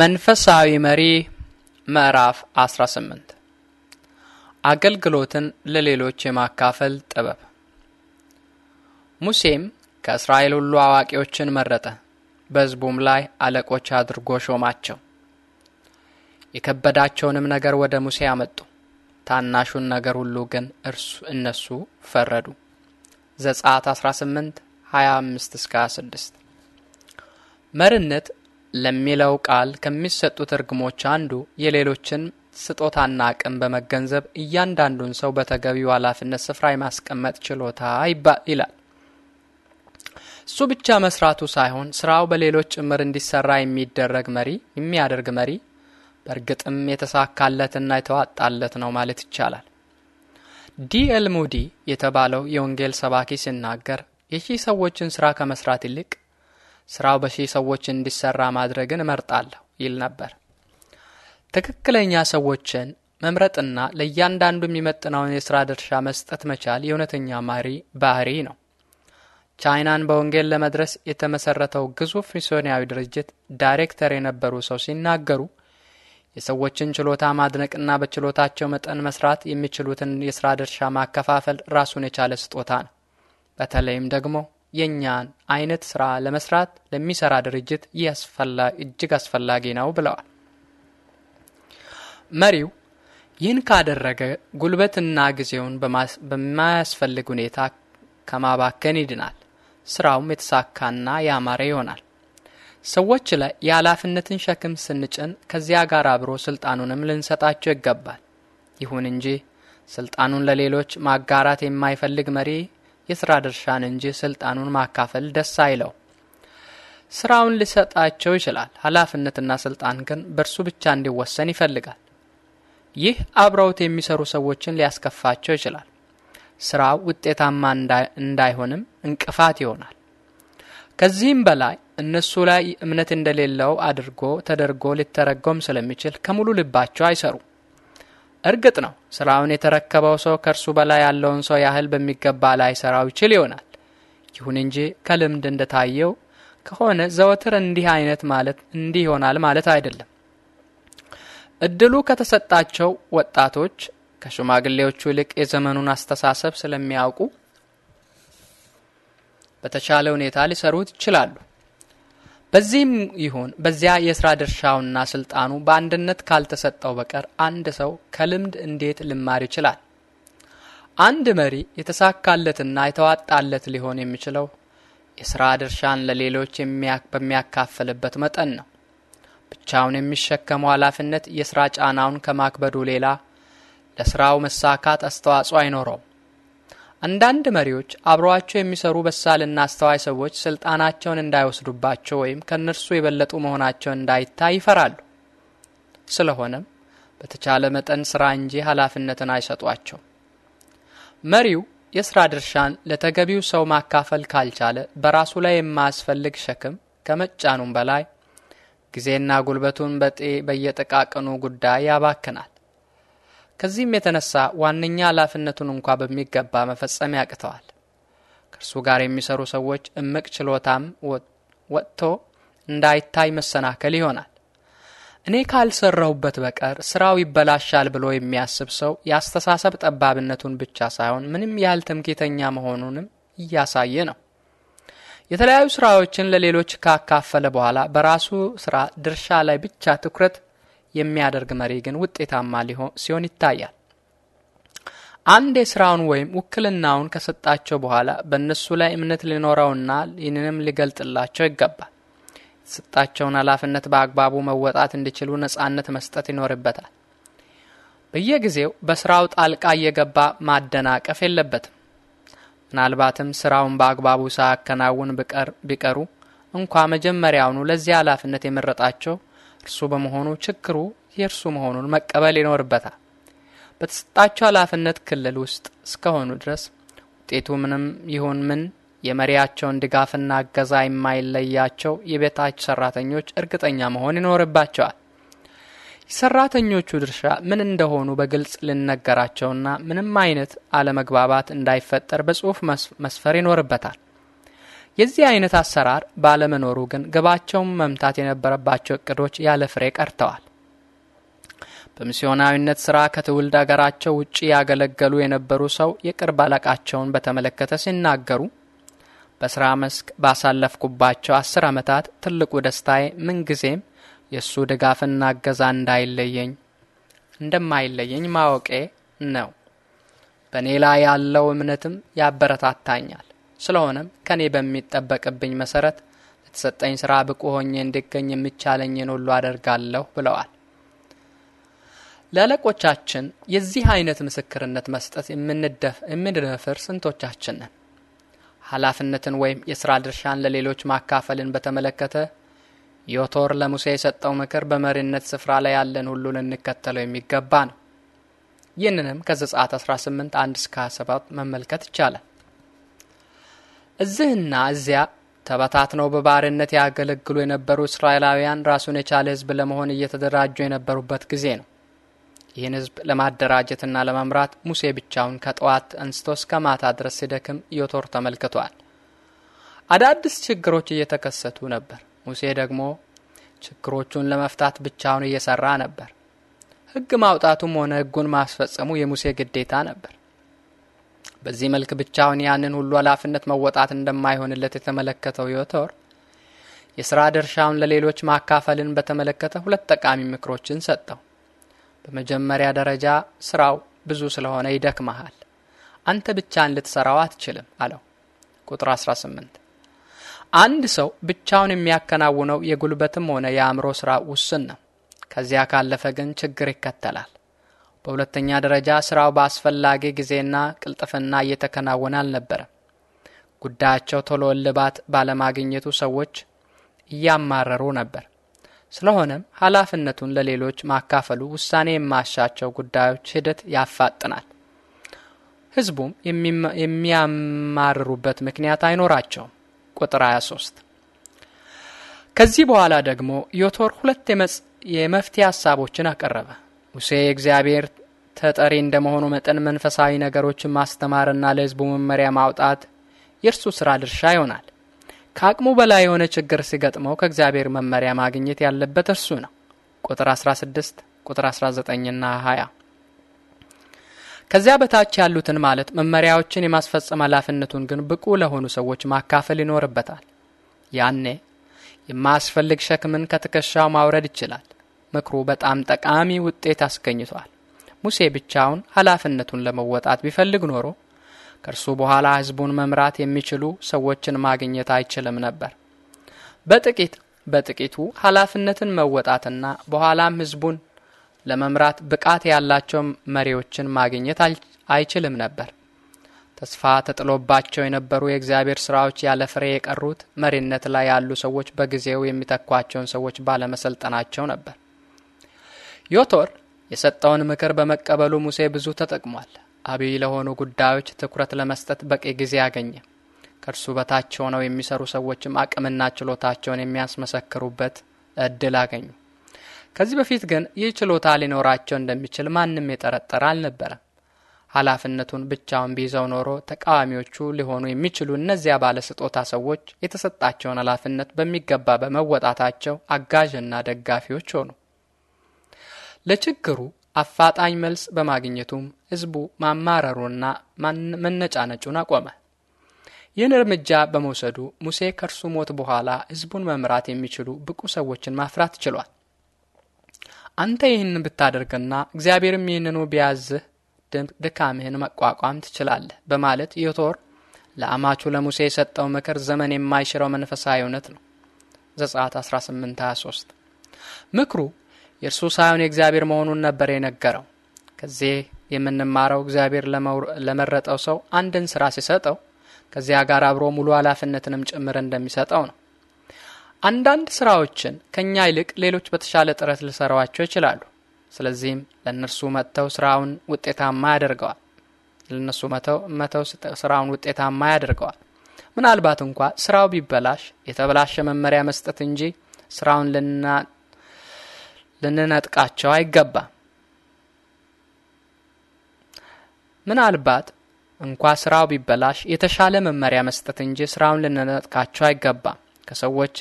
መንፈሳዊ መሪ ምዕራፍ 18 አገልግሎትን ለሌሎች የማካፈል ጥበብ። ሙሴም ከእስራኤል ሁሉ አዋቂዎችን መረጠ፣ በሕዝቡም ላይ አለቆች አድርጎ ሾማቸው። የከበዳቸውንም ነገር ወደ ሙሴ አመጡ፣ ታናሹን ነገር ሁሉ ግን እርሱ እነሱ ፈረዱ። ዘጸአት 18 25 እስከ 26 ለሚለው ቃል ከሚሰጡ እርግሞች አንዱ የሌሎችን ስጦታና አቅም በመገንዘብ እያንዳንዱን ሰው በተገቢው ኃላፊነት ስፍራ የማስቀመጥ ችሎታ ይላል። እሱ ብቻ መስራቱ ሳይሆን ስራው በሌሎች ጭምር እንዲሰራ የሚደረግ መሪ የሚያደርግ መሪ በእርግጥም የተሳካለትና የተዋጣለት ነው ማለት ይቻላል። ዲኤል ሙዲ የተባለው የወንጌል ሰባኪ ሲናገር የሺህ ሰዎችን ስራ ከመስራት ይልቅ ስራው በሺህ ሰዎች እንዲሰራ ማድረግን እመርጣለሁ ይል ነበር። ትክክለኛ ሰዎችን መምረጥና ለእያንዳንዱ የሚመጥነውን የሥራ ድርሻ መስጠት መቻል የእውነተኛ መሪ ባህሪ ነው። ቻይናን በወንጌል ለመድረስ የተመሠረተው ግዙፍ ሚስዮናዊ ድርጅት ዳይሬክተር የነበሩ ሰው ሲናገሩ የሰዎችን ችሎታ ማድነቅና በችሎታቸው መጠን መስራት የሚችሉትን የሥራ ድርሻ ማከፋፈል ራሱን የቻለ ስጦታ ነው። በተለይም ደግሞ የእኛን አይነት ስራ ለመስራት ለሚሰራ ድርጅት እጅግ አስፈላጊ ነው ብለዋል። መሪው ይህን ካደረገ ጉልበትና ጊዜውን በማያስፈልግ ሁኔታ ከማባከን ይድናል። ስራውም የተሳካና ያማረ ይሆናል። ሰዎች ላይ የኃላፊነትን ሸክም ስንጭን ከዚያ ጋር አብሮ ስልጣኑንም ልንሰጣቸው ይገባል። ይሁን እንጂ ስልጣኑን ለሌሎች ማጋራት የማይፈልግ መሪ የሥራ ድርሻን እንጂ ስልጣኑን ማካፈል ደስ አይለው። ስራውን ሊሰጣቸው ይችላል። ኃላፊነትና ስልጣን ግን በእርሱ ብቻ እንዲወሰን ይፈልጋል። ይህ አብረውት የሚሰሩ ሰዎችን ሊያስከፋቸው ይችላል። ስራው ውጤታማ እንዳይሆንም እንቅፋት ይሆናል። ከዚህም በላይ እነሱ ላይ እምነት እንደሌለው አድርጎ ተደርጎ ሊተረጎም ስለሚችል ከሙሉ ልባቸው አይሰሩም። እርግጥ ነው ስራውን የተረከበው ሰው ከእርሱ በላይ ያለውን ሰው ያህል በሚገባ ላይ ሰራው ይችል ይሆናል። ይሁን እንጂ ከልምድ እንደታየው ከሆነ ዘወትር እንዲህ አይነት ማለት እንዲህ ይሆናል ማለት አይደለም። እድሉ ከተሰጣቸው ወጣቶች ከሽማግሌዎቹ ይልቅ የዘመኑን አስተሳሰብ ስለሚያውቁ በተቻለ ሁኔታ ሊሰሩት ይችላሉ። በዚህም ይሁን በዚያ የስራ ድርሻውና ስልጣኑ በአንድነት ካልተሰጠው በቀር አንድ ሰው ከልምድ እንዴት ልማር ይችላል? አንድ መሪ የተሳካለትና የተዋጣለት ሊሆን የሚችለው የስራ ድርሻን ለሌሎች በሚያካፍልበት መጠን ነው። ብቻውን የሚሸከመው ኃላፊነት የስራ ጫናውን ከማክበዱ ሌላ ለስራው መሳካት አስተዋጽኦ አይኖረውም። አንዳንድ መሪዎች አብረዋቸው የሚሰሩ በሳልና አስተዋይ ሰዎች ስልጣናቸውን እንዳይወስዱባቸው ወይም ከእነርሱ የበለጡ መሆናቸውን እንዳይታይ ይፈራሉ። ስለሆነም በተቻለ መጠን ስራ እንጂ ኃላፊነትን አይሰጧቸው። መሪው የስራ ድርሻን ለተገቢው ሰው ማካፈል ካልቻለ በራሱ ላይ የማያስፈልግ ሸክም ከመጫኑም በላይ ጊዜና ጉልበቱን በጤ በየጠቃቅኑ ጉዳይ ያባክናል። ከዚህም የተነሳ ዋነኛ ኃላፊነቱን እንኳ በሚገባ መፈጸም ያቅተዋል። ከእርሱ ጋር የሚሰሩ ሰዎች እምቅ ችሎታም ወጥቶ እንዳይታይ መሰናከል ይሆናል። እኔ ካልሰራሁበት በቀር ስራው ይበላሻል ብሎ የሚያስብ ሰው የአስተሳሰብ ጠባብነቱን ብቻ ሳይሆን ምንም ያህል ትምክህተኛ መሆኑንም እያሳየ ነው። የተለያዩ ስራዎችን ለሌሎች ካካፈለ በኋላ በራሱ ስራ ድርሻ ላይ ብቻ ትኩረት የሚያደርግ መሪ ግን ውጤታማ ሲሆን ይታያል። አንድ የስራውን ወይም ውክልናውን ከሰጣቸው በኋላ በእነሱ ላይ እምነት ሊኖረውና ይህንንም ሊገልጥላቸው ይገባል። የተሰጣቸውን ኃላፊነት በአግባቡ መወጣት እንዲችሉ ነጻነት መስጠት ይኖርበታል። በየጊዜው በስራው ጣልቃ እየገባ ማደናቀፍ የለበትም። ምናልባትም ስራውን በአግባቡ ሳያከናውን ቢቀሩ እንኳ መጀመሪያውኑ ለዚህ ኃላፊነት የመረጣቸው እርሱ በመሆኑ ችግሩ የእርሱ መሆኑን መቀበል ይኖርበታል። በተሰጣቸው ኃላፊነት ክልል ውስጥ እስከሆኑ ድረስ ውጤቱ ምንም ይሁን ምን የመሪያቸውን ድጋፍና እገዛ የማይለያቸው የቤታች ሰራተኞች እርግጠኛ መሆን ይኖርባቸዋል። የሰራተኞቹ ድርሻ ምን እንደሆኑ በግልጽ ልነገራቸውና ምንም አይነት አለመግባባት እንዳይፈጠር በጽሑፍ መስፈር ይኖርበታል። የዚህ አይነት አሰራር ባለመኖሩ ግን ግባቸውን መምታት የነበረባቸው እቅዶች ያለ ፍሬ ቀርተዋል። በሚስዮናዊነት ስራ ከትውልድ አገራቸው ውጭ ያገለገሉ የነበሩ ሰው የቅርብ አለቃቸውን በተመለከተ ሲናገሩ በስራ መስክ ባሳለፍኩባቸው አስር ዓመታት ትልቁ ደስታዬ ምንጊዜም የእሱ ድጋፍና እገዛ እንዳይለየኝ እንደማይለየኝ ማወቄ ነው። በእኔ ላይ ያለው እምነትም ያበረታታኛል። ስለሆነም ከኔ በሚጠበቅብኝ መሰረት ለተሰጠኝ ስራ ብቁ ሆኜ እንድገኝ የሚቻለኝን ሁሉ አደርጋለሁ ብለዋል። ለአለቆቻችን የዚህ አይነት ምስክርነት መስጠት የምንደፍር ስንቶቻችን ነን? ኃላፊነትን ወይም የስራ ድርሻን ለሌሎች ማካፈልን በተመለከተ ዮቶር ለሙሴ የሰጠው ምክር በመሪነት ስፍራ ላይ ያለን ሁሉ ልንከተለው የሚገባ ነው። ይህንንም ከዘጸአት 18 1 እስከ 27 መመልከት ይቻላል። እዚህና እዚያ ተበታትነው በባርነት ያገለግሉ የነበሩ እስራኤላውያን ራሱን የቻለ ሕዝብ ለመሆን እየተደራጁ የነበሩበት ጊዜ ነው። ይህን ሕዝብ ለማደራጀትና ለመምራት ሙሴ ብቻውን ከጠዋት አንስቶ እስከ ማታ ድረስ ሲደክም ዮቶር ተመልክቷል። አዳዲስ ችግሮች እየተከሰቱ ነበር። ሙሴ ደግሞ ችግሮቹን ለመፍታት ብቻውን እየሰራ ነበር። ሕግ ማውጣቱም ሆነ ሕጉን ማስፈጸሙ የሙሴ ግዴታ ነበር። በዚህ መልክ ብቻውን ያንን ሁሉ ኃላፊነት መወጣት እንደማይሆንለት የተመለከተው ዮቶር የሥራ ድርሻውን ለሌሎች ማካፈልን በተመለከተ ሁለት ጠቃሚ ምክሮችን ሰጠው። በመጀመሪያ ደረጃ ስራው ብዙ ስለሆነ ይደክመሃል፣ አንተ ብቻን ልትሰራው አትችልም አለው። ቁጥር 18 አንድ ሰው ብቻውን የሚያከናውነው የጉልበትም ሆነ የአእምሮ ስራ ውስን ነው። ከዚያ ካለፈ ግን ችግር ይከተላል። በሁለተኛ ደረጃ ስራው በአስፈላጊ ጊዜና ቅልጥፍና እየተከናወነ አልነበረም። ጉዳያቸው ቶሎ እልባት ባለማግኘቱ ሰዎች እያማረሩ ነበር። ስለሆነም ኃላፊነቱን ለሌሎች ማካፈሉ ውሳኔ የማሻቸው ጉዳዮች ሂደት ያፋጥናል። ህዝቡም የሚያማርሩበት ምክንያት አይኖራቸውም። ቁጥር 23 ከዚህ በኋላ ደግሞ ዮቶር ሁለት የመፍትሄ ሀሳቦችን አቀረበ። ሙሴ የእግዚአብሔር ተጠሪ እንደመሆኑ መጠን መንፈሳዊ ነገሮችን ማስተማርና ለሕዝቡ መመሪያ ማውጣት የእርሱ ስራ ድርሻ ይሆናል። ከአቅሙ በላይ የሆነ ችግር ሲገጥመው ከእግዚአብሔር መመሪያ ማግኘት ያለበት እርሱ ነው። ቁጥር 16 ቁጥር 19ና 20 ከዚያ በታች ያሉትን ማለት መመሪያዎችን የማስፈጸም ኃላፊነቱን ግን ብቁ ለሆኑ ሰዎች ማካፈል ይኖርበታል። ያኔ የማያስፈልግ ሸክምን ከትከሻው ማውረድ ይችላል። ምክሩ በጣም ጠቃሚ ውጤት አስገኝቷል። ሙሴ ብቻውን ኃላፊነቱን ለመወጣት ቢፈልግ ኖሮ ከእርሱ በኋላ ሕዝቡን መምራት የሚችሉ ሰዎችን ማግኘት አይችልም ነበር። በጥቂት በጥቂቱ ኃላፊነትን መወጣትና በኋላም ሕዝቡን ለመምራት ብቃት ያላቸው መሪዎችን ማግኘት አይችልም ነበር። ተስፋ ተጥሎባቸው የነበሩ የእግዚአብሔር ስራዎች ያለ ፍሬ የቀሩት መሪነት ላይ ያሉ ሰዎች በጊዜው የሚተኳቸውን ሰዎች ባለመሰልጠናቸው ነበር። ዮቶር የሰጠውን ምክር በመቀበሉ ሙሴ ብዙ ተጠቅሟል። አብይ ለሆኑ ጉዳዮች ትኩረት ለመስጠት በቂ ጊዜ አገኘ። ከእርሱ በታች ሆነው የሚሰሩ ሰዎችም አቅምና ችሎታቸውን የሚያስመሰክሩበት እድል አገኙ። ከዚህ በፊት ግን ይህ ችሎታ ሊኖራቸው እንደሚችል ማንም የጠረጠረ አልነበረም። ኃላፊነቱን ብቻውን ቢይዘው ኖሮ ተቃዋሚዎቹ ሊሆኑ የሚችሉ እነዚያ ባለስጦታ ሰዎች የተሰጣቸውን ኃላፊነት በሚገባ በመወጣታቸው አጋዥና ደጋፊዎች ሆኑ። ለችግሩ አፋጣኝ መልስ በማግኘቱም ህዝቡ ማማረሩና መነጫነጩን አቆመ። ይህን እርምጃ በመውሰዱ ሙሴ ከእርሱ ሞት በኋላ ህዝቡን መምራት የሚችሉ ብቁ ሰዎችን ማፍራት ችሏል። አንተ ይህን ብታደርግና እግዚአብሔርም ይህንኑ ቢያዝህ ድካምህን መቋቋም ትችላለህ በማለት ዮቶር ለአማቹ ለሙሴ የሰጠው ምክር ዘመን የማይሽረው መንፈሳዊ እውነት ነው። ዘጸአት 1823 ምክሩ የእርሱ ሳይሆን የእግዚአብሔር መሆኑን ነበር የነገረው። ከዚህ የምንማረው እግዚአብሔር ለመረጠው ሰው አንድን ስራ ሲሰጠው ከዚያ ጋር አብሮ ሙሉ ኃላፊነትንም ጭምር እንደሚሰጠው ነው። አንዳንድ ስራዎችን ከእኛ ይልቅ ሌሎች በተሻለ ጥረት ሊሰሯቸው ይችላሉ። ስለዚህም ለእነርሱ መጥተው ስራውን ውጤታማ ያደርገዋል። ለእነሱ መተው ስራውን ውጤታማ ያደርገዋል። ምናልባት እንኳ ስራው ቢበላሽ የተበላሸ መመሪያ መስጠት እንጂ ስራውን ልንነጥቃቸው አይገባም። ምናልባት እንኳ ስራው ቢበላሽ የተሻለ መመሪያ መስጠት እንጂ ስራውን ልንነጥቃቸው አይገባም። ከሰዎች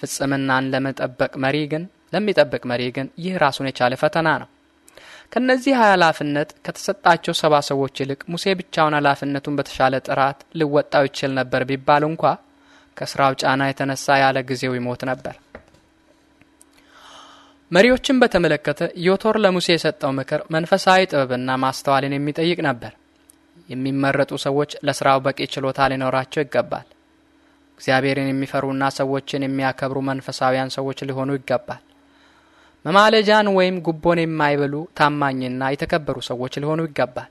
ፍጽምናን ለመጠበቅ መሪ ግን ለሚጠብቅ መሪ ግን ይህ ራሱን የቻለ ፈተና ነው። ከነዚህ ኃላፊነት ከተሰጣቸው ሰባ ሰዎች ይልቅ ሙሴ ብቻውን ኃላፊነቱን በተሻለ ጥራት ልወጣው ይችል ነበር ቢባል እንኳ ከስራው ጫና የተነሳ ያለ ጊዜው ይሞት ነበር። መሪዎችን በተመለከተ ዮቶር ለሙሴ የሰጠው ምክር መንፈሳዊ ጥበብና ማስተዋልን የሚጠይቅ ነበር። የሚመረጡ ሰዎች ለስራው በቂ ችሎታ ሊኖራቸው ይገባል። እግዚአብሔርን የሚፈሩና ሰዎችን የሚያከብሩ መንፈሳዊያን ሰዎች ሊሆኑ ይገባል። መማለጃን ወይም ጉቦን የማይበሉ ታማኝና የተከበሩ ሰዎች ሊሆኑ ይገባል።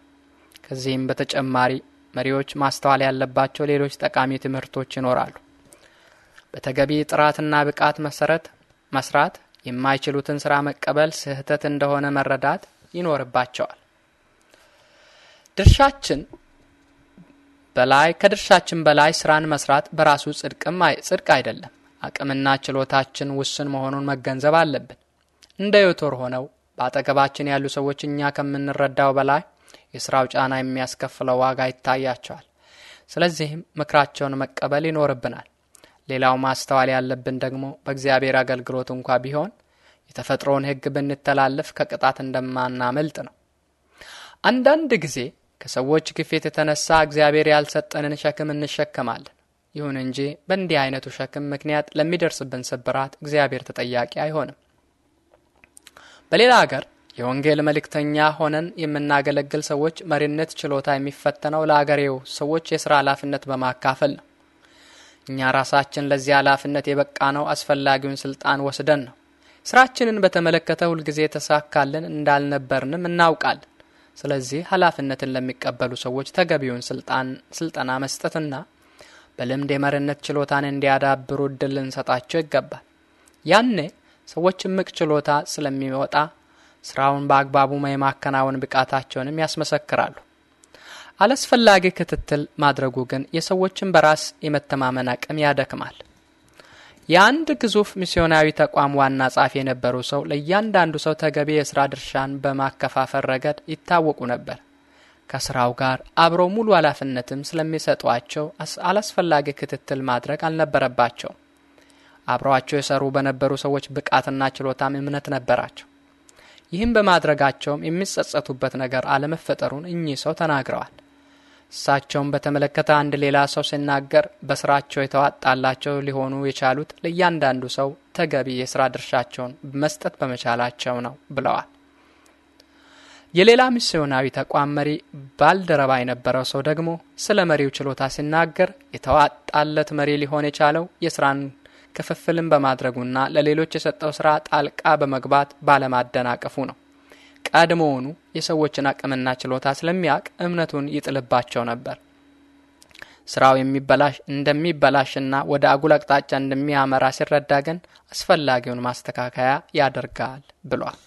ከዚህም በተጨማሪ መሪዎች ማስተዋል ያለባቸው ሌሎች ጠቃሚ ትምህርቶች ይኖራሉ። በተገቢ ጥራትና ብቃት መሰረት መስራት የማይችሉትን ስራ መቀበል ስህተት እንደሆነ መረዳት ይኖርባቸዋል። ድርሻችን በላይ ከድርሻችን በላይ ስራን መስራት በራሱ ጽድቅም ጽድቅ አይደለም። አቅምና ችሎታችን ውስን መሆኑን መገንዘብ አለብን። እንደ ዮቶር ሆነው በአጠገባችን ያሉ ሰዎች እኛ ከምንረዳው በላይ የስራው ጫና የሚያስከፍለው ዋጋ ይታያቸዋል። ስለዚህም ምክራቸውን መቀበል ይኖርብናል። ሌላው ማስተዋል ያለብን ደግሞ በእግዚአብሔር አገልግሎት እንኳ ቢሆን የተፈጥሮውን ሕግ ብንተላለፍ ከቅጣት እንደማናመልጥ ነው። አንዳንድ ጊዜ ከሰዎች ግፊት የተነሳ እግዚአብሔር ያልሰጠንን ሸክም እንሸከማለን። ይሁን እንጂ በእንዲህ አይነቱ ሸክም ምክንያት ለሚደርስብን ስብራት እግዚአብሔር ተጠያቂ አይሆንም። በሌላ አገር የወንጌል መልእክተኛ ሆነን የምናገለግል ሰዎች መሪነት ችሎታ የሚፈተነው ለአገሬው ሰዎች የሥራ ኃላፊነት በማካፈል ነው። እኛ ራሳችን ለዚህ ኃላፊነት የበቃ ነው አስፈላጊውን ስልጣን ወስደን ነው። ስራችንን በተመለከተ ሁልጊዜ የተሳካልን እንዳልነበርንም እናውቃለን። ስለዚህ ኃላፊነትን ለሚቀበሉ ሰዎች ተገቢውን ስልጠና መስጠትና በልምድ የመሪነት ችሎታን እንዲያዳብሩ እድል ልንሰጣቸው ይገባል። ያኔ ሰዎች እምቅ ችሎታ ስለሚወጣ ስራውን በአግባቡ የማከናወን ብቃታቸውንም ያስመሰክራሉ። አላስፈላጊ ክትትል ማድረጉ ግን የሰዎችን በራስ የመተማመን አቅም ያደክማል። የአንድ ግዙፍ ሚስዮናዊ ተቋም ዋና ጻፊ የነበሩ ሰው ለእያንዳንዱ ሰው ተገቢ የሥራ ድርሻን በማከፋፈል ረገድ ይታወቁ ነበር። ከሥራው ጋር አብረው ሙሉ ኃላፊነትም ስለሚሰጧቸው አላስፈላጊ ክትትል ማድረግ አልነበረባቸው። አብረዋቸው የሰሩ በነበሩ ሰዎች ብቃትና ችሎታም እምነት ነበራቸው። ይህም በማድረጋቸውም የሚጸጸቱበት ነገር አለመፈጠሩን እኚህ ሰው ተናግረዋል። እሳቸውን በተመለከተ አንድ ሌላ ሰው ሲናገር በስራቸው የተዋጣላቸው ሊሆኑ የቻሉት ለእያንዳንዱ ሰው ተገቢ የስራ ድርሻቸውን መስጠት በመቻላቸው ነው ብለዋል። የሌላ ሚስዮናዊ ተቋም መሪ ባልደረባ የነበረው ሰው ደግሞ ስለ መሪው ችሎታ ሲናገር የተዋጣለት መሪ ሊሆን የቻለው የስራን ክፍፍልን በማድረጉና ለሌሎች የሰጠው ስራ ጣልቃ በመግባት ባለማደናቀፉ ነው። ቀድሞውኑ የሰዎችን አቅምና ችሎታ ስለሚያውቅ እምነቱን ይጥልባቸው ነበር። ስራው የሚበላሽ እንደሚበላሽና ወደ አጉል አቅጣጫ እንደሚያመራ ሲረዳ ግን አስፈላጊውን ማስተካከያ ያደርጋል ብሏል።